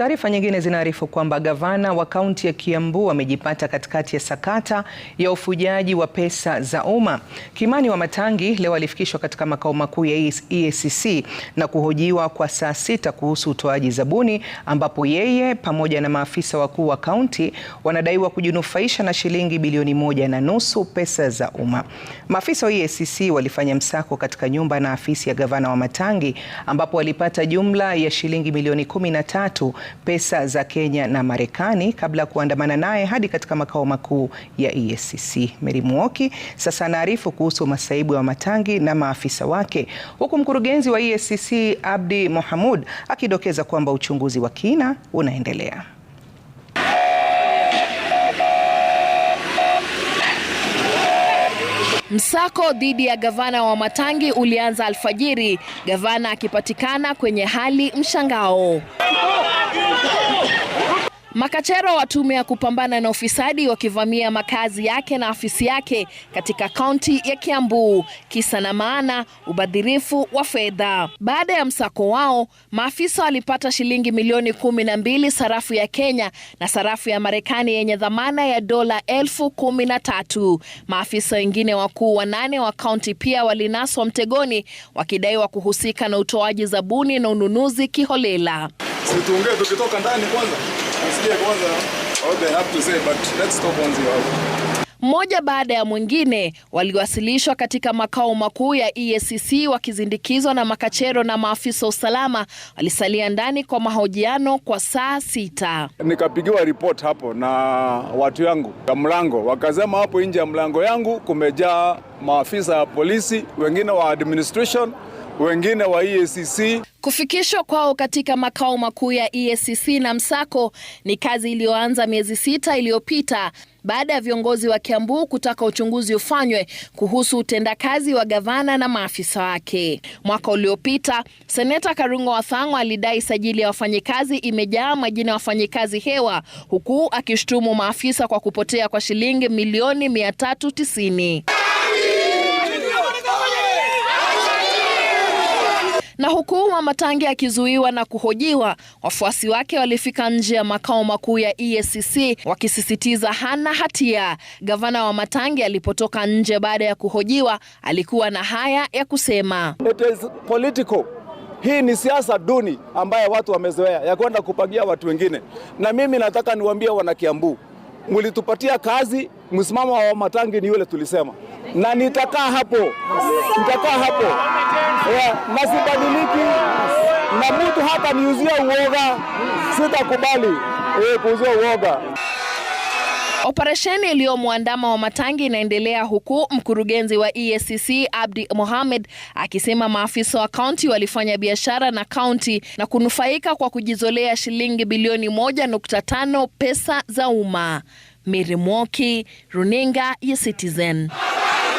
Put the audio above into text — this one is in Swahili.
Taarifa nyingine zinaarifu kwamba gavana wa kaunti ya Kiambu amejipata katikati ya sakata ya ufujaji wa pesa za umma. Kimani Wamatangi leo alifikishwa katika makao makuu ya EACC e na kuhojiwa kwa saa sita kuhusu utoaji zabuni, ambapo yeye pamoja na maafisa wakuu wa kaunti wanadaiwa kujinufaisha na shilingi bilioni moja na nusu pesa za umma. Maafisa wa EACC walifanya msako katika nyumba na afisi ya gavana Wamatangi ambapo walipata jumla ya shilingi milioni kumi na tatu pesa za Kenya na Marekani kabla ya kuandamana naye hadi katika makao makuu ya EACC. Mary Muoki sasa anaarifu kuhusu masaibu ya matangi na maafisa wake, huku mkurugenzi wa EACC Abdi Mohamud akidokeza kwamba uchunguzi wa kina unaendelea. Msako dhidi ya gavana wa Matangi ulianza alfajiri, gavana akipatikana kwenye hali mshangao. Makachero wa tume ya kupambana na ufisadi wakivamia makazi yake na afisi yake katika kaunti ya Kiambu, kisa na maana ubadhirifu wa fedha. Baada ya msako wao, maafisa walipata shilingi milioni kumi na mbili sarafu ya Kenya na sarafu ya Marekani yenye dhamana ya dola elfu kumi na tatu. Maafisa wengine wakuu wanane wa kaunti pia walinaswa mtegoni wakidaiwa kuhusika na utoaji zabuni na ununuzi kiholela. Situongee tukitoka ndani kwanza. Mmoja baada ya mwingine waliwasilishwa katika makao makuu ya EACC wakizindikizwa na makachero na maafisa usalama walisalia ndani kwa mahojiano kwa saa sita. Nikapigiwa ripoti hapo na watu yangu ya mlango, wakasema hapo nje ya mlango yangu kumejaa maafisa ya polisi, wengine wa administration, wengine wa EACC. Kufikishwa kwao katika makao makuu ya EACC na msako ni kazi iliyoanza miezi sita iliyopita baada ya viongozi wa Kiambu kutaka uchunguzi ufanywe kuhusu utendakazi wa gavana na maafisa wake. Mwaka uliopita, Seneta Karungo Wathang'o alidai sajili ya wafanyikazi imejaa majina ya wafanyikazi hewa huku akishtumu maafisa kwa kupotea kwa shilingi milioni 390. Na huku Wamatangi akizuiwa na kuhojiwa, wafuasi wake walifika nje ya makao makuu ya EACC wakisisitiza hana hatia. Gavana Wamatangi alipotoka nje baada ya kuhojiwa, alikuwa na haya ya kusema. It is political. Hii ni siasa duni ambayo watu wamezoea ya kwenda kupangia watu wengine, na mimi nataka niwaambie wanakiambu, mlitupatia kazi, msimamo wa Wamatangi ni yule tulisema na nitakaa hapo, nitakaa hapo yeah, sibadiliki na mtu hata niuzie uoga, sitakubali yeah, kuuzia uoga. Operesheni iliyomwandama wa Matangi inaendelea huku mkurugenzi wa EACC Abdi Mohamed akisema maafisa wa kaunti walifanya biashara na kaunti na kunufaika kwa kujizolea shilingi bilioni 1.5 pesa za umma. Mary Mwoki, Runinga ya Citizen.